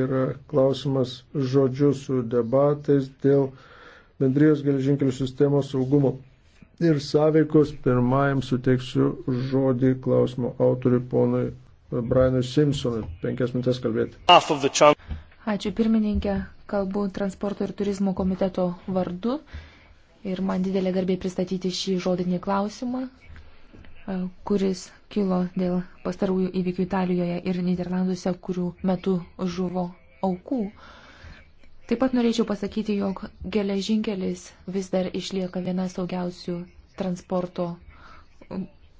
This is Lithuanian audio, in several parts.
yra klausimas žodžiu su debatais dėl bendrijos geležinkelių sistemos saugumo ir sąveikos. Pirmajam suteiksiu žodį klausimo autoriui ponui Brianui Simpsonui. Penkias minutės kalbėti. Ačiū pirmininkė, kalbu transporto ir turizmo komiteto vardu ir man didelė garbė pristatyti šį žodinį klausimą kuris kilo dėl pastarųjų įvykių Italijoje ir Niderlanduose, kurių metu žuvo aukų. Taip pat norėčiau pasakyti, jog geležinkelis vis dar išlieka viena saugiausių transporto,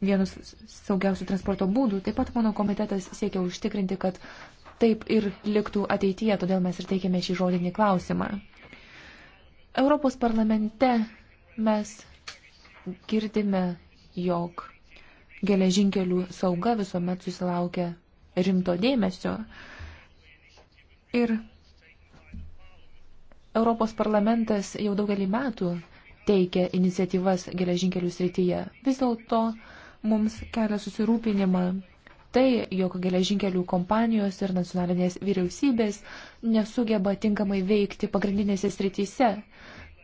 vienas saugiausių transporto būdų. Taip pat mano komitetas siekia užtikrinti, kad taip ir liktų ateityje, todėl mes ir teikėme šį žodinį klausimą. Europos parlamente mes girdime, jog geležinkelių sauga visuomet susilaukia rimto dėmesio. Ir Europos parlamentas jau daugelį metų teikia iniciatyvas geležinkelių srityje. Vis dėlto mums kelia susirūpinimą tai, jog geležinkelių kompanijos ir nacionalinės vyriausybės nesugeba tinkamai veikti pagrindinėse srityse.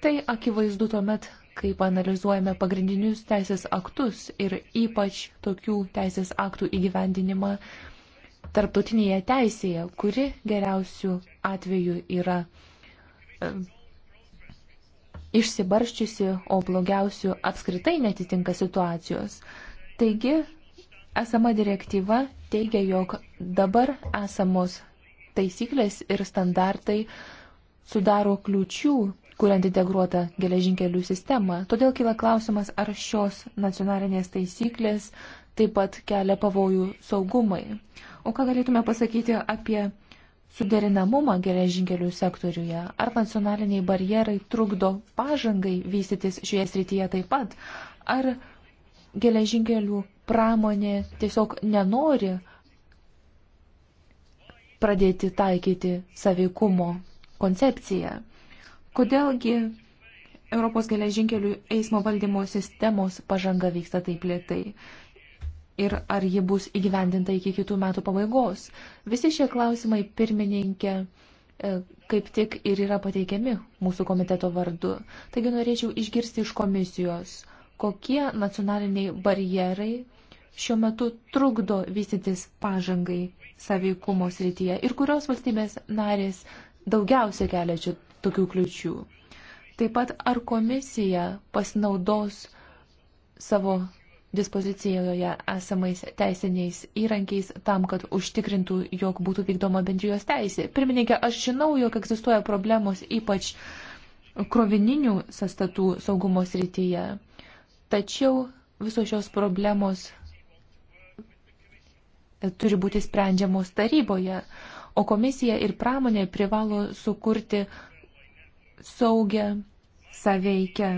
Tai akivaizdu tuomet, kaip analizuojame pagrindinius teisės aktus ir ypač tokių teisės aktų įgyvendinimą tarptautinėje teisėje, kuri geriausių atveju yra e, išsibarščiusi, o blogiausių apskritai netitinka situacijos. Taigi, esama direktyva teigia, jog dabar esamos taisyklės ir standartai sudaro kliučių kuriant integruotą geležinkelių sistemą. Todėl kyla klausimas, ar šios nacionalinės taisyklės taip pat kelia pavojų saugumai. O ką galėtume pasakyti apie suderinamumą geležinkelių sektoriuje? Ar nacionaliniai barjerai trukdo pažangai vystytis šioje srityje taip pat? Ar geležinkelių pramonė tiesiog nenori pradėti taikyti saveikumo koncepciją? Kodėlgi Europos geležinkelių eismo valdymo sistemos pažanga vyksta taip lietai? Ir ar ji bus įgyvendinta iki kitų metų pabaigos? Visi šie klausimai pirmininkė e, kaip tik ir yra pateikiami mūsų komiteto vardu. Taigi norėčiau išgirsti iš komisijos, kokie nacionaliniai barjerai šiuo metu trukdo vystytis pažangai saveikumo srityje ir kurios valstybės narės daugiausia kelia tokių kliučių. Taip pat ar komisija pasinaudos savo dispozicijoje esamais teisiniais įrankiais tam, kad užtikrintų, jog būtų vykdoma bendrijos teisė. Pirmininkė, aš žinau, jog egzistuoja problemos ypač krovininių sastatų saugumo srityje, tačiau visos šios problemos turi būti sprendžiamos taryboje, o komisija ir pramonė privalo sukurti uh, saugę, saveikę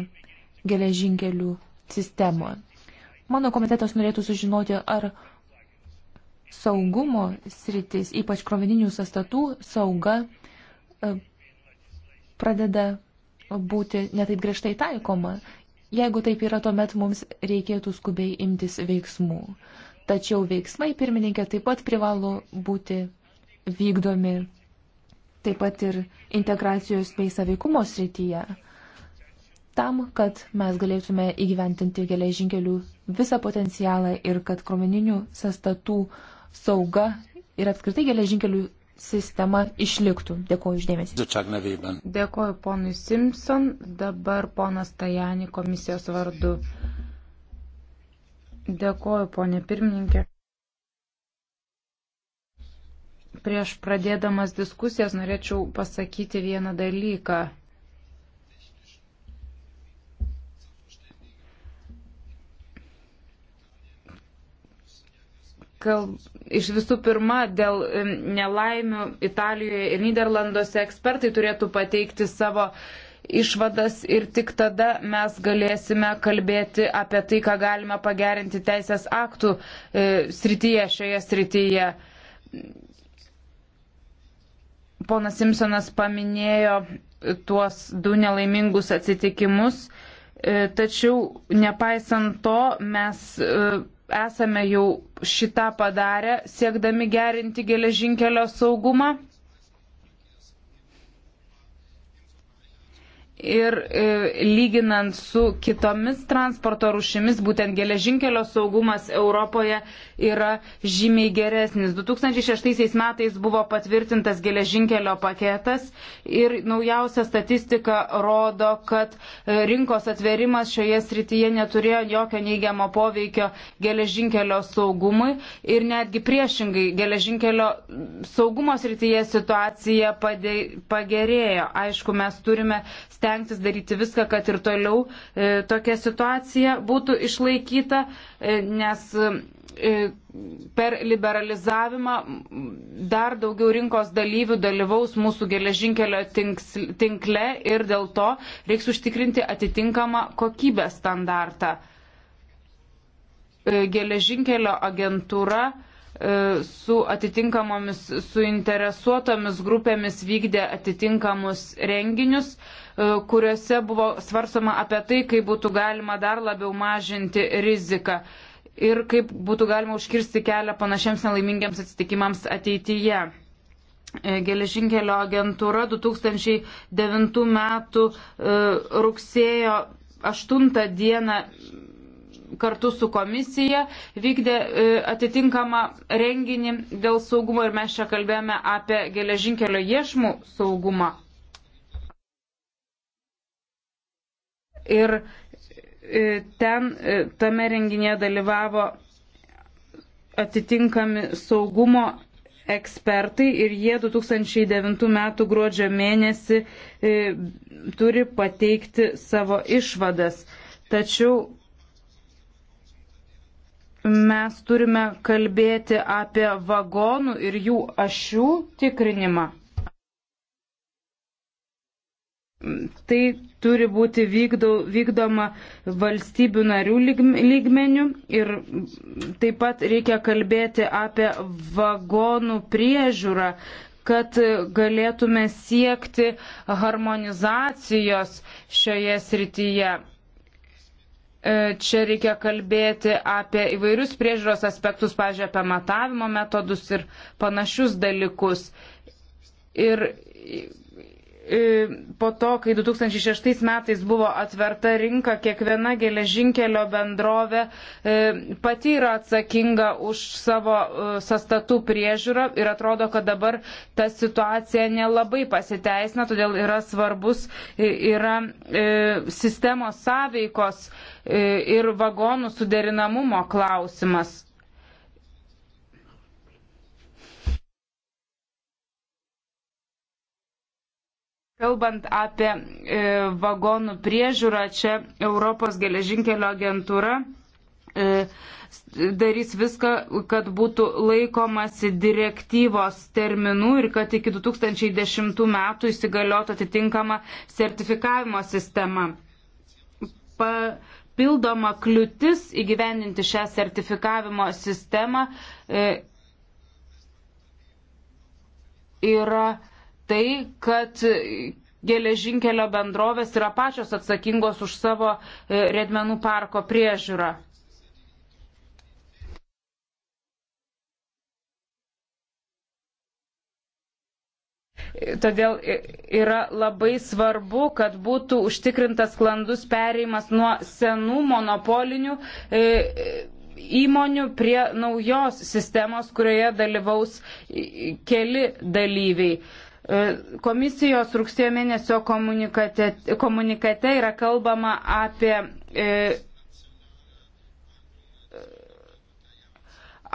geležinkelių sistemą. Mano komitetas norėtų sužinoti, ar saugumo sritis, ypač krovininių sastatų sauga, e, pradeda būti netaip griežtai taikoma. Jeigu taip yra, tuomet mums reikėtų skubiai imtis veiksmų. Tačiau veiksmai, pirmininkė, taip pat privalo būti vykdomi taip pat ir integracijos bei saveikumo srityje, tam, kad mes galėtume įgyventinti geležinkelių visą potencialą ir kad krovininių sastatų sauga ir apskritai geležinkelių sistema išliktų. Dėkuoju uždėmesį. Dėkuoju ponui Simpson, dabar ponas Tajani komisijos vardu. Dėkuoju ponė pirmininkė. Prieš pradėdamas diskusijas norėčiau pasakyti vieną dalyką. Kalb... Iš visų pirma, dėl nelaimių Italijoje ir Niderlanduose ekspertai turėtų pateikti savo išvadas ir tik tada mes galėsime kalbėti apie tai, ką galime pagerinti teisės aktų e, srityje, šioje srityje ponas Simpsonas paminėjo tuos du nelaimingus atsitikimus, e, tačiau nepaisant to mes e, esame jau šitą padarę, siekdami gerinti geležinkelio saugumą. ir e, lyginant su kitomis transporto rušimis, būtent geležinkelio saugumas Europoje yra žymiai geresnis. 2006 metais buvo patvirtintas geležinkelio paketas ir naujausia statistika rodo, kad e, rinkos atverimas šioje srityje neturėjo jokio neigiamo poveikio geležinkelio saugumui ir netgi priešingai geležinkelio saugumo srityje situacija pagerėjo. Aišku, mes turime stengti stengtis daryti viską, kad ir toliau e, tokia situacija būtų išlaikyta, e, nes e, per liberalizavimą dar daugiau rinkos dalyvių dalyvaus mūsų geležinkelio tinkle ir dėl to reiks užtikrinti atitinkamą kokybės standartą. E, geležinkelio agentūra e, E, su atitinkamomis suinteresuotomis grupėmis vykdė atitinkamus renginius, e, kuriuose buvo svarsoma apie tai, kaip būtų galima dar labiau mažinti riziką ir kaip būtų galima užkirsti kelią panašiems nelaimingiams atsitikimams ateityje. E, geležinkelio agentūra 2009 m. rugsėjo 8 dieną kartu su komisija vykdė e, atitinkamą renginį dėl saugumo ir mes čia kalbėjome apie geležinkelio iešmų saugumą. Ir e, ten e, tame renginėje dalyvavo atitinkami saugumo ekspertai ir jie 2009 m. gruodžio mėnesį turi pateikti savo išvadas. Tačiau mes turime kalbėti apie vagonų ir jų ašių tikrinimą. Tai turi būti vykdo, vykdoma valstybių narių lygmenių ir taip pat reikia kalbėti apie vagonų priežiūrą, kad galėtume siekti harmonizacijos šioje srityje. E, čia reikia kalbėti apie įvairius priežiūros aspektus, pažiūrėjau, apie matavimo metodus ir panašius dalykus. Ir E, po to, kai 2006 metais buvo atverta rinka, kiekviena geležinkelio bendrovė e, pati yra atsakinga už savo e, sastatų priežiūrą ir atrodo, kad dabar ta situacija nelabai pasiteisina, todėl yra svarbus yra sistemos sąveikos ir vagonų suderinamumo klausimas. Kalbant apie e, vagonų priežiūrą, čia Europos geležinkelio agentūra e, darys viską, kad būtų laikomasi direktyvos terminų ir kad iki 2010 metų įsigaliotų atitinkama sertifikavimo sistema. Papildoma kliūtis įgyvendinti šią sertifikavimo sistemą e, yra tai, kad geležinkelio bendrovės yra pačios atsakingos už savo e, redmenų parko priežiūrą. Todėl yra labai svarbu, kad būtų užtikrintas sklandus pereimas nuo senų monopolinių e, įmonių prie naujos sistemos, kurioje dalyvaus keli dalyviai. E, komisijos rugsėjo mėnesio komunikate, komunikate yra kalbama apie, e,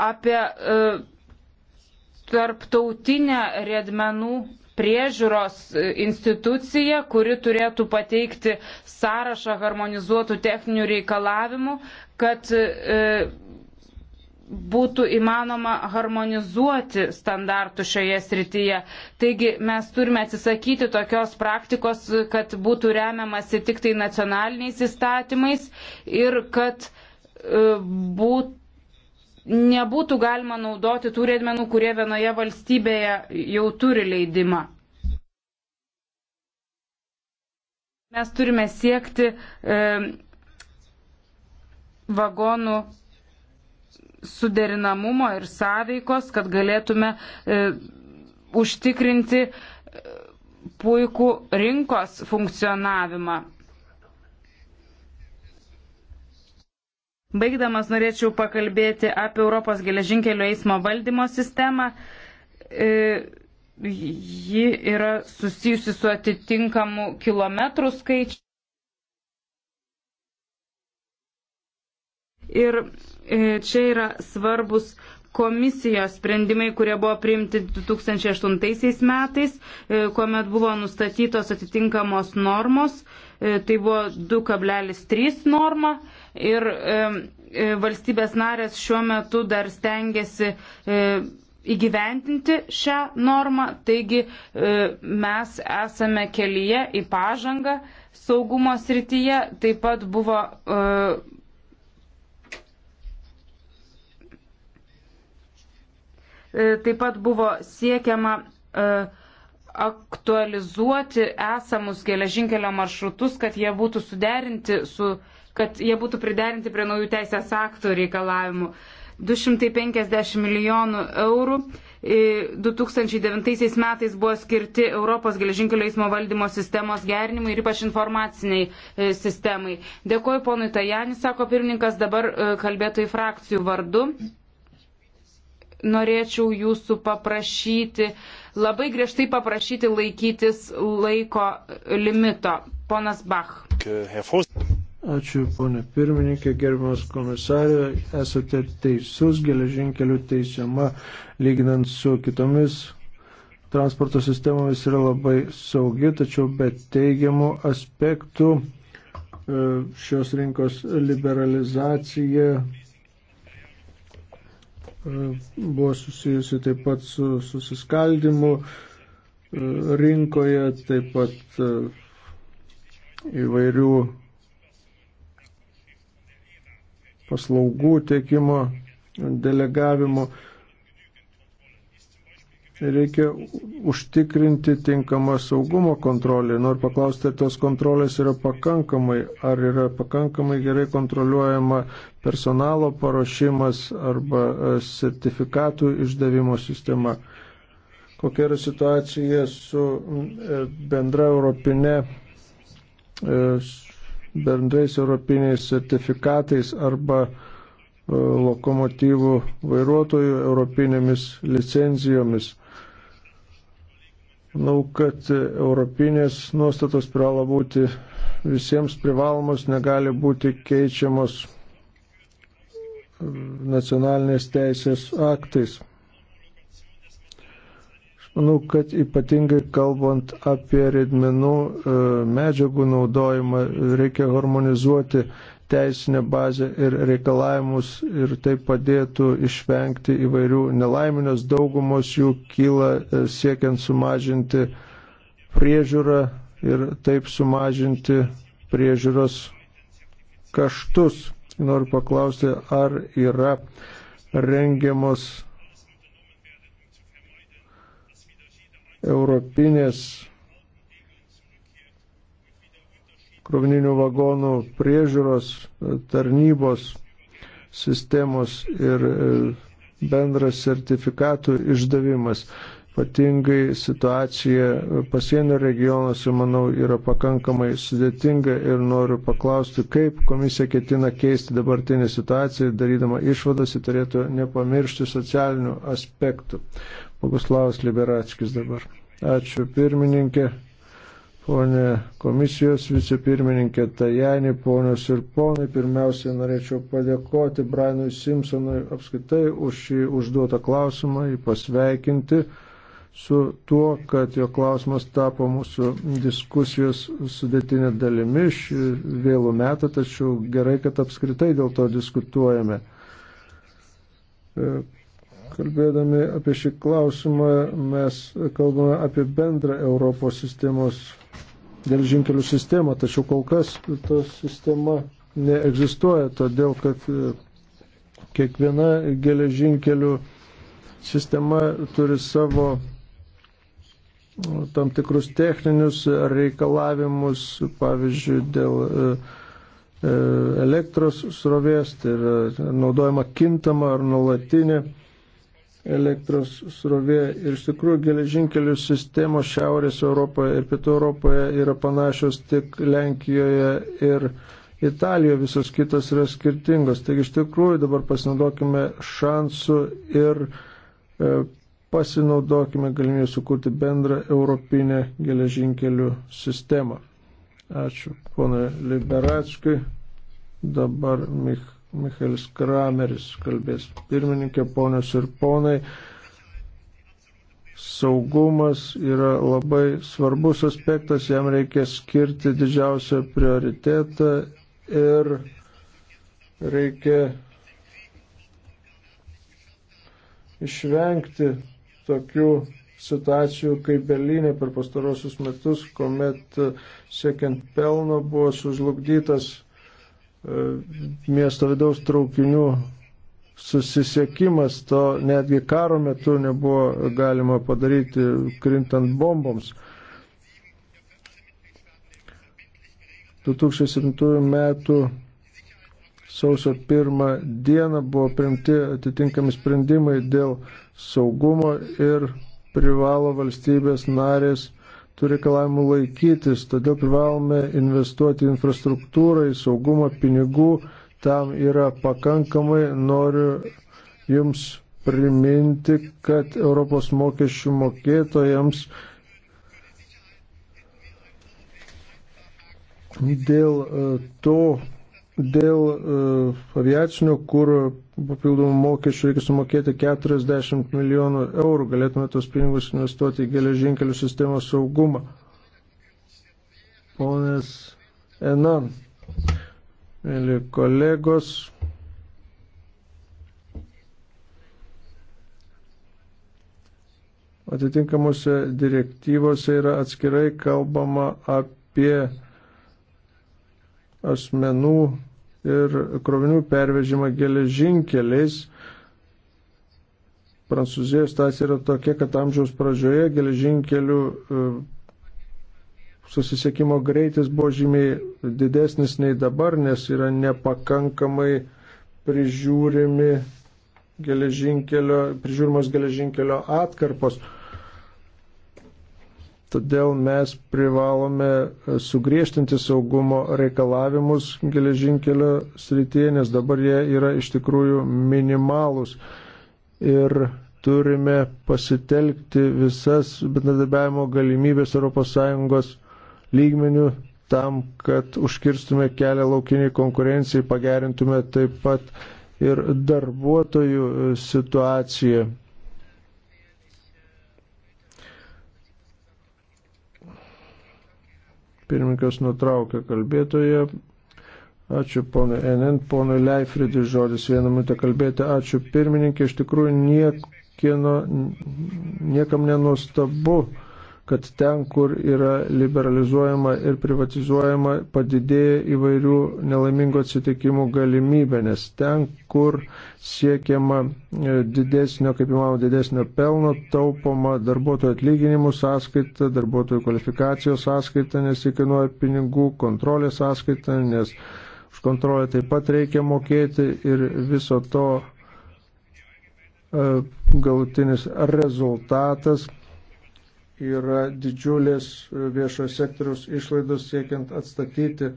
apie e, tarptautinę riedmenų priežiūros institucija, kuri turėtų pateikti sąrašą harmonizuotų techninių reikalavimų, kad būtų įmanoma harmonizuoti standartų šioje srityje. Taigi mes turime atsisakyti tokios praktikos, kad būtų remiamasi tik tai nacionaliniais įstatymais ir kad e, būt, nebūtų galima naudoti tų riedmenų, kurie vienoje valstybėje jau turi leidimą. Mes turime siekti e, vagonų suderinamumo ir sąveikos, kad galėtume e, užtikrinti e, puikų rinkos funkcionavimą. Baigdamas norėčiau pakalbėti apie Europos geležinkelio eismo valdymo sistemą. E, ji yra susijusi su atitinkamu kilometrų skaičiu. Ir E, čia yra svarbus komisijos sprendimai, kurie buvo priimti 2008 metais, e, kuomet buvo nustatytos atitinkamos normos. E, tai buvo 2,3 norma ir valstybės narės šiuo metu dar stengiasi įgyventinti šią normą. Taigi mes esame kelyje į pažangą saugumo srityje. Taip pat buvo E, taip pat buvo siekiama e, aktualizuoti esamus geležinkelio maršrutus, kad jie būtų suderinti su, kad jie būtų priderinti prie naujų teisės aktų reikalavimų. 250 milijonų eurų 2009 e, metais buvo skirti Europos geležinkelio eismo valdymo sistemos gerinimui ir ypač informaciniai sistemai. Dėkuoju ponui Tajani, sako pirmininkas, dabar kalbėtų į frakcijų vardu norėčiau jūsų paprašyti, labai griežtai paprašyti laikytis laiko limito. Ponas Bach. Ačiū, ponė pirmininkė, gerbiamas komisarė, esate teisus, geležinkelių teisiama, lyginant su kitomis transporto sistemomis yra labai saugi, tačiau be teigiamų aspektų e, šios rinkos liberalizacija buvo susijusi taip pat su susiskaldimu e, rinkoje, taip pat e, įvairių paslaugų tiekimo delegavimu reikia užtikrinti tinkamą saugumo kontrolę. Noriu paklausti, ar tos kontrolės yra pakankamai, ar yra pakankamai gerai kontroliuojama personalo paruošimas arba e, sertifikatų išdavimo sistema. Kokia yra situacija su e, bendra europinė, e, bendrais europiniais sertifikatais arba lokomotyvų vairuotojų europinėmis licenzijomis Manau, kad europinės nuostatos privalo būti visiems privalomos, negali būti keičiamos nacionalinės teisės aktais. Aš manau, kad ypatingai kalbant apie redmenų e, medžiagų naudojimą, reikia harmonizuoti teisinę bazę ir reikalavimus ir tai padėtų išvengti įvairių nelaiminės daugumos jų kyla e, siekiant sumažinti priežiūrą ir taip sumažinti priežiūros kaštus. Noriu paklausti, ar yra rengiamos europinės krovininių vagonų priežiūros e, tarnybos sistemos ir e, bendras sertifikatų išdavimas. Ypatingai situacija pasienio regionuose, manau, yra pakankamai sudėtinga ir noriu paklausti, kaip komisija ketina keisti dabartinę situaciją, darydama išvadas, ji turėtų nepamiršti socialinių aspektų. Boguslavas Liberačkis dabar. Ačiū pirmininkė ponė komisijos vicepirmininkė Tajani, ponios ir ponai. Pirmiausia, norėčiau padėkoti Brianui Simpsonui apskaitai už šį užduotą klausimą, jį pasveikinti su tuo, kad jo klausimas tapo mūsų diskusijos sudėtinė dalimi šį vėlų metą, tačiau gerai, kad apskritai dėl to diskutuojame. E, kalbėdami apie šį klausimą, mes kalbame apie bendrą Europos sistemos geležinkelių sistemą, tačiau kol kas ta sistema neegzistuoja, todėl kad e, kiekviena geležinkelių sistema turi savo e, tam tikrus techninius reikalavimus, pavyzdžiui, dėl e, elektros srovės, tai yra naudojama kintama ar nuolatinė elektros srovė. Ir iš tikrųjų geležinkelių sistemos Šiaurės Europoje ir Pietų Europoje yra panašios tik Lenkijoje ir Italijoje, visos kitos yra skirtingos. Taigi iš tikrųjų dabar pasinaudokime šansų ir e, pasinaudokime galimybę sukurti bendrą europinę geležinkelių sistemą. Ačiū ponui Liberačkui. Dabar Mich Michaelis Krameris kalbės. Pirmininkė, ponios ir ponai, saugumas yra labai svarbus aspektas, jam reikia skirti didžiausią prioritetą ir reikia išvengti tokių situacijų kaip Berlyne per pastarosius metus, kuomet siekiant pelno buvo sužlugdytas E, miesto vidaus traukinių susisiekimas, to netgi karo metu nebuvo galima padaryti krintant bomboms. 2007 metų sausio 1 dieną buvo primti atitinkami sprendimai dėl saugumo ir privalo valstybės narės tų reikalavimų laikytis, todėl privalome investuoti infrastruktūrą, į saugumą, pinigų, tam yra pakankamai, noriu Jums priminti, kad Europos mokesčių mokėtojams dėl e, to, Dėl e, aviacinio kūro papildomų mokesčių reikia sumokėti 40 milijonų eurų. Galėtume tos pinigus investuoti į geležinkelių sistemos saugumą. Ponas Enan, mėly kolegos. Atitinkamuose direktyvose yra atskirai kalbama apie asmenų ir krovinių pervežimą geležinkeliais. Prancūzijos stacija yra tokia, kad amžiaus pradžioje geležinkelių e, susisiekimo greitis buvo žymiai didesnis nei dabar, nes yra nepakankamai prižiūrimi geležinkelio, prižiūrimos geležinkelio atkarpos. Todėl mes privalome e, sugriežtinti saugumo reikalavimus geležinkelio srityje, nes dabar jie yra iš tikrųjų minimalūs. Ir turime pasitelkti visas bendradarbiavimo galimybės ES lygmenių tam, kad užkirstume kelią laukiniai konkurencijai, pagerintume taip pat ir darbuotojų e, situaciją Pirmininkas nutraukė kalbėtoje. Ačiū ponui NN, ponui Leifridis žodis vieną minutę kalbėti. Ačiū pirmininkė, iš tikrųjų niekieno, niekam nenustabu kad ten, kur yra liberalizuojama ir privatizuojama, padidėja įvairių nelaimingų atsitikimų galimybė, nes ten, kur siekiama e, didesnio, kaip įmanoma, didesnio pelno, taupoma darbuotojų atlyginimų sąskaita, darbuotojų kvalifikacijos sąskaita, nes įkainuoja pinigų, kontrolės sąskaita, nes už kontrolę taip pat reikia mokėti ir viso to e, galutinis rezultatas yra didžiulės viešojo sektoriaus išlaidos siekiant atstatyti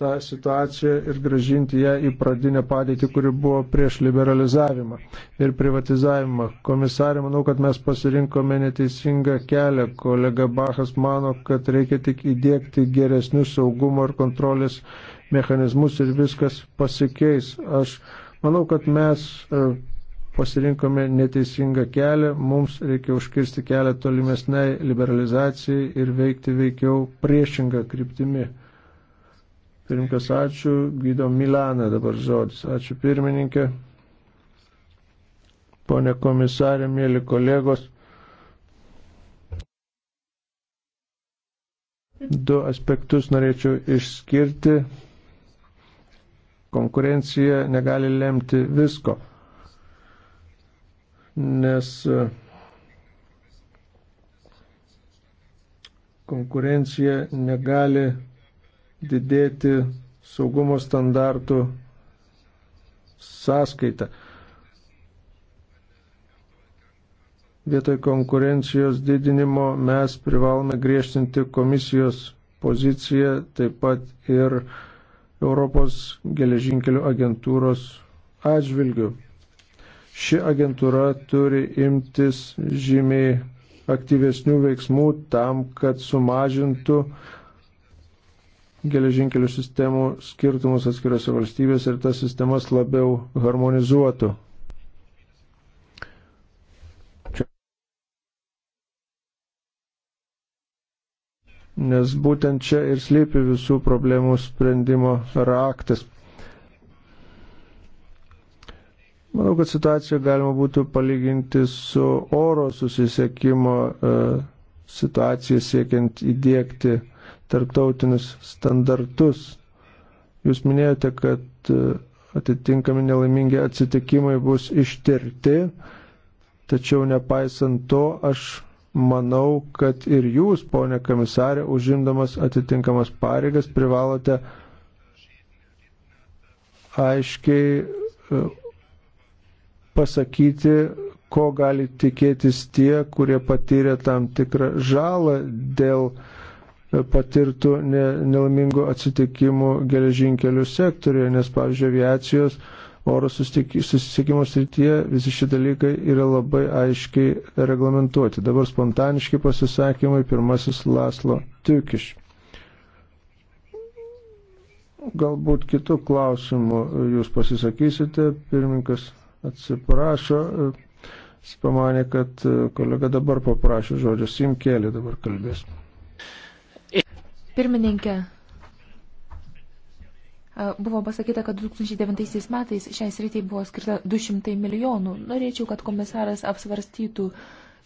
tą situaciją ir gražinti ją į pradinę padėtį, kuri buvo prieš liberalizavimą ir privatizavimą. Komisarė, manau, kad mes pasirinkome neteisingą kelią. Kolega Bachas mano, kad reikia tik įdėkti geresnius saugumo ir kontrolės mechanizmus ir viskas pasikeis. Aš manau, kad mes e, pasirinkome neteisingą kelią, mums reikia užkirsti kelią tolimesnei liberalizacijai ir veikti veikiau priešingą kryptimį. Pirmkas, ačiū, Gydo Milaną dabar žodis. Ačiū pirmininkė. Pone komisarė, mėly kolegos. Du aspektus norėčiau išskirti. Konkurencija negali lemti visko nes e, konkurencija negali didėti saugumo standartų sąskaita. Vietoj konkurencijos didinimo mes privalome griežtinti komisijos poziciją, taip pat ir Europos geležinkelių agentūros atžvilgių ši agentūra turi imtis žymiai aktyvesnių veiksmų tam, kad sumažintų geležinkelių sistemų skirtumus atskiriuose valstybėse ir tas sistemas labiau harmonizuotų. Nes būtent čia ir slypi visų problemų sprendimo raktas. Manau, kad situaciją galima būtų palyginti su oro susisiekimo e, situacija siekiant įdėkti tarptautinius standartus. Jūs minėjote, kad e, atitinkami nelaimingi atsitikimai bus ištirti, tačiau nepaisant to aš manau, kad ir jūs, ponė komisarė, užimdamas atitinkamas pareigas privalote aiškiai e, pasakyti, ko gali tikėtis tie, kurie patyrė tam tikrą žalą dėl patirtų nelaimingų atsitikimų geležinkelių sektorėje, nes, pavyzdžiui, aviacijos oro susisiekimo srityje visi šie dalykai yra labai aiškiai reglamentuoti. Dabar spontaniški pasisakymai, pirmasis Laslo Tiukiš. Galbūt kitų klausimų jūs pasisakysite, pirmininkas atsiprašo, jis pamanė, kad kolega dabar paprašė žodžio, simkėlė dabar kalbės. Pirmininkė, buvo pasakyta, kad 2009 metais šiai sritai buvo skirta 200 milijonų. Norėčiau, kad komisaras apsvarstytų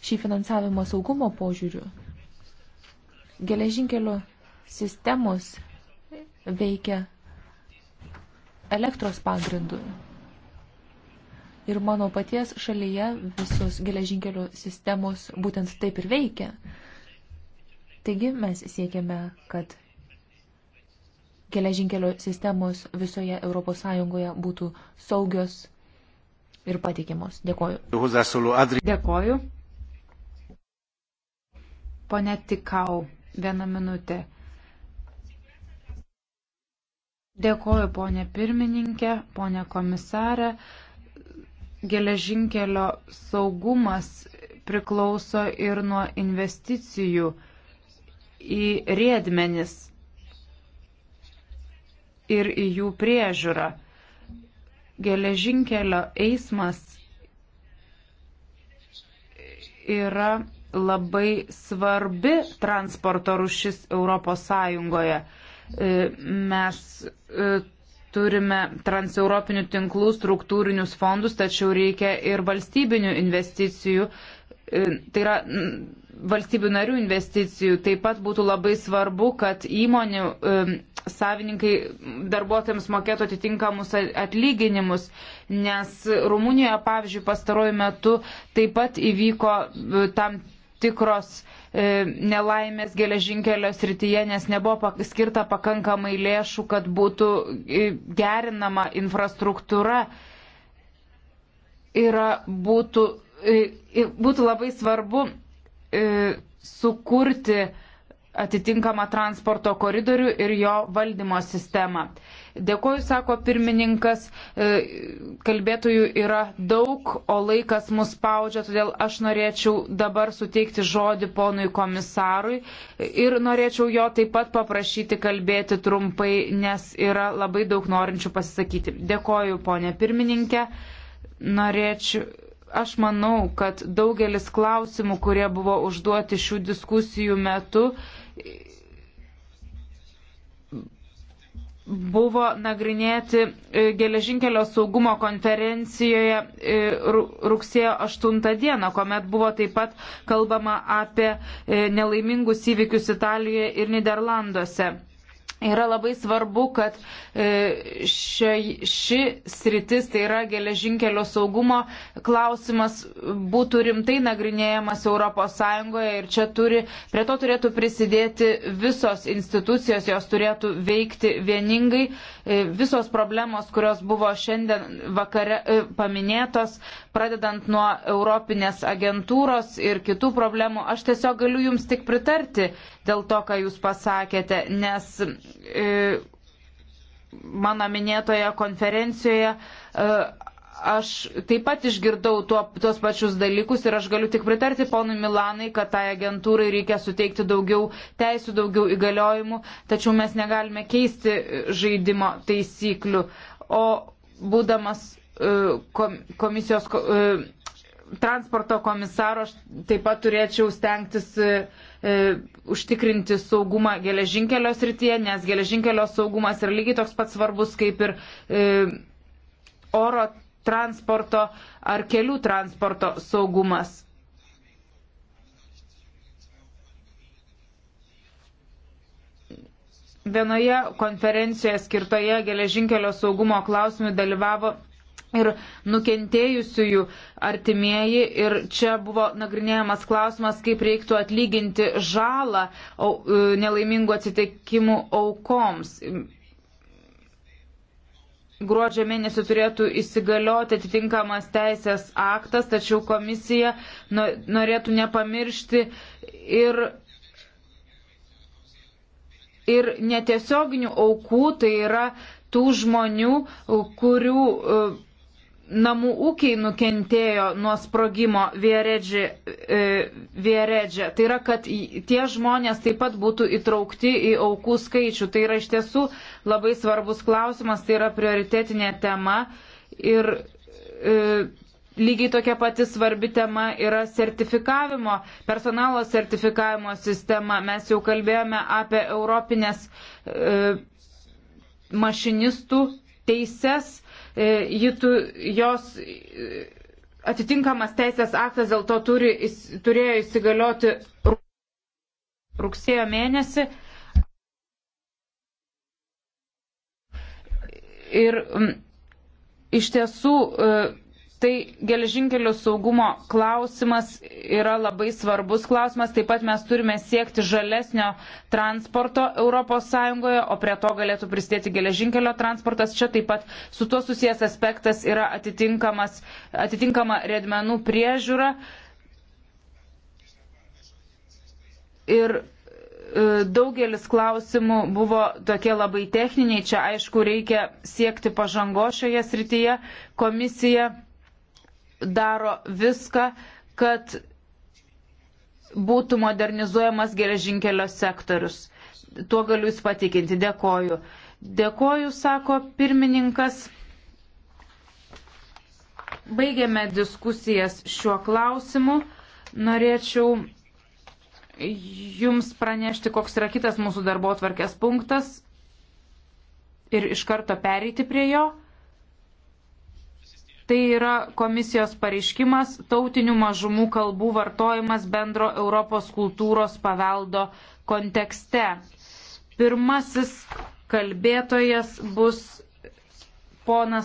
šį finansavimo saugumo požiūrių. Geležinkelio sistemos veikia elektros pagrindu. Ir mano paties šalyje visos geležinkelių sistemos būtent taip ir veikia. Taigi mes siekiame, kad geležinkelio sistemos visoje ES būtų saugios ir patikimos. Dėkoju. Dėkoju. Pone Tikau, vieną minutę. Dėkoju, ponė pirmininkė, ponė komisarė geležinkelio saugumas priklauso ir nuo investicijų į riedmenis ir į jų priežiūrą. Geležinkelio eismas yra labai svarbi transporto rušis Europos Sąjungoje. E, mes e, turime transeuropinių tinklų struktūrinius fondus, tačiau reikia ir valstybinių investicijų. E, tai yra valstybių narių investicijų. Taip pat būtų labai svarbu, kad įmonių e, savininkai darbuotojams mokėtų atitinkamus atlyginimus, nes Rumunijoje, pavyzdžiui, pastaruoju metu taip pat įvyko e, tam tikros e, nelaimės geležinkelio srityje, nes nebuvo pak skirta pakankamai lėšų, kad būtų e, gerinama infrastruktūra. Yra, būtų, e, būtų labai svarbu e, sukurti atitinkamą transporto koridorių ir jo valdymo sistemą. Dėkoju, sako pirmininkas, e, kalbėtojų yra daug, o laikas mus spaudžia, todėl aš norėčiau dabar suteikti žodį ponui komisarui ir norėčiau jo taip pat paprašyti kalbėti trumpai, nes yra labai daug norinčių pasisakyti. Dėkoju, ponė pirmininkė. Norėčiau aš manau, kad daugelis klausimų, kurie buvo užduoti šių diskusijų metu, buvo nagrinėti e, geležinkelio saugumo konferencijoje e, rugsėjo 8 dieną, kuomet buvo taip pat kalbama apie e, nelaimingus įvykius Italijoje ir Niderlanduose. Yra labai svarbu, kad e, šio, ši sritis, tai yra geležinkelio saugumo klausimas, būtų rimtai nagrinėjamas ES ir čia turi, prie to turėtų prisidėti visos institucijos, jos turėtų veikti vieningai. E, visos problemos, kurios buvo šiandien vakare e, paminėtos, pradedant nuo Europinės agentūros ir kitų problemų, aš tiesiog galiu jums tik pritarti dėl to, ką jūs pasakėte, nes E, mano minėtoje konferencijoje e, aš taip pat išgirdau tuo, tuos pačius dalykus ir aš galiu tik pritarti ponui Milanai, kad tai agentūrai reikia suteikti daugiau teisų, daugiau įgaliojimų, tačiau mes negalime keisti žaidimo taisyklių. O būdamas e, komisijos transporto komisaro, aš taip pat turėčiau stengtis e, užtikrinti saugumą geležinkelio srityje, nes geležinkelio saugumas yra lygiai toks pats svarbus kaip ir e, oro transporto ar kelių transporto saugumas. Vienoje konferencijoje skirtoje geležinkelio saugumo klausimui dalyvavo ir nukentėjusiųjų artimieji. Ir čia buvo nagrinėjamas klausimas, kaip reiktų atlyginti žalą e, nelaimingų atsitikimų aukoms. Gruodžio mėnesį turėtų įsigalioti atitinkamas teisės aktas, tačiau komisija norėtų nepamiršti ir ir netiesioginių aukų, tai yra tų žmonių, kurių e, namų ūkiai nukentėjo nuo sprogimo e, Vieredžė. Tai yra, kad tie žmonės taip pat būtų įtraukti į aukų skaičių. Tai yra iš tiesų labai svarbus klausimas, tai yra prioritetinė tema. Ir e, lygiai tokia pati svarbi tema yra sertifikavimo, personalo sertifikavimo sistema. Mes jau kalbėjome apie europinės e, mašinistų teises E, tu, jos e, atitinkamas teisės aktas dėl to turi, turėjo įsigalioti rugsėjo mėnesį. Ir iš tiesų e, Tai geležinkelių saugumo klausimas yra labai svarbus klausimas. Taip pat mes turime siekti žalesnio transporto ES, o prie to galėtų pristėti geležinkelio transportas. Čia taip pat su tuo susijęs aspektas yra atitinkama redmenų priežiūra. Ir e, daugelis klausimų buvo tokie labai techniniai. Čia aišku reikia siekti pažango šioje srityje. Komisija daro viską, kad būtų modernizuojamas geležinkelio sektorius. Tuo galiu Jūs patikinti. Dėkoju. Dėkoju, sako pirmininkas. Baigėme diskusijas šiuo klausimu. Norėčiau Jums pranešti, koks yra kitas mūsų darbo tvarkės punktas ir iš karto pereiti prie jo. Tai yra komisijos pareiškimas tautinių mažumų kalbų vartojimas bendro Europos kultūros paveldo kontekste. Pirmasis kalbėtojas bus ponas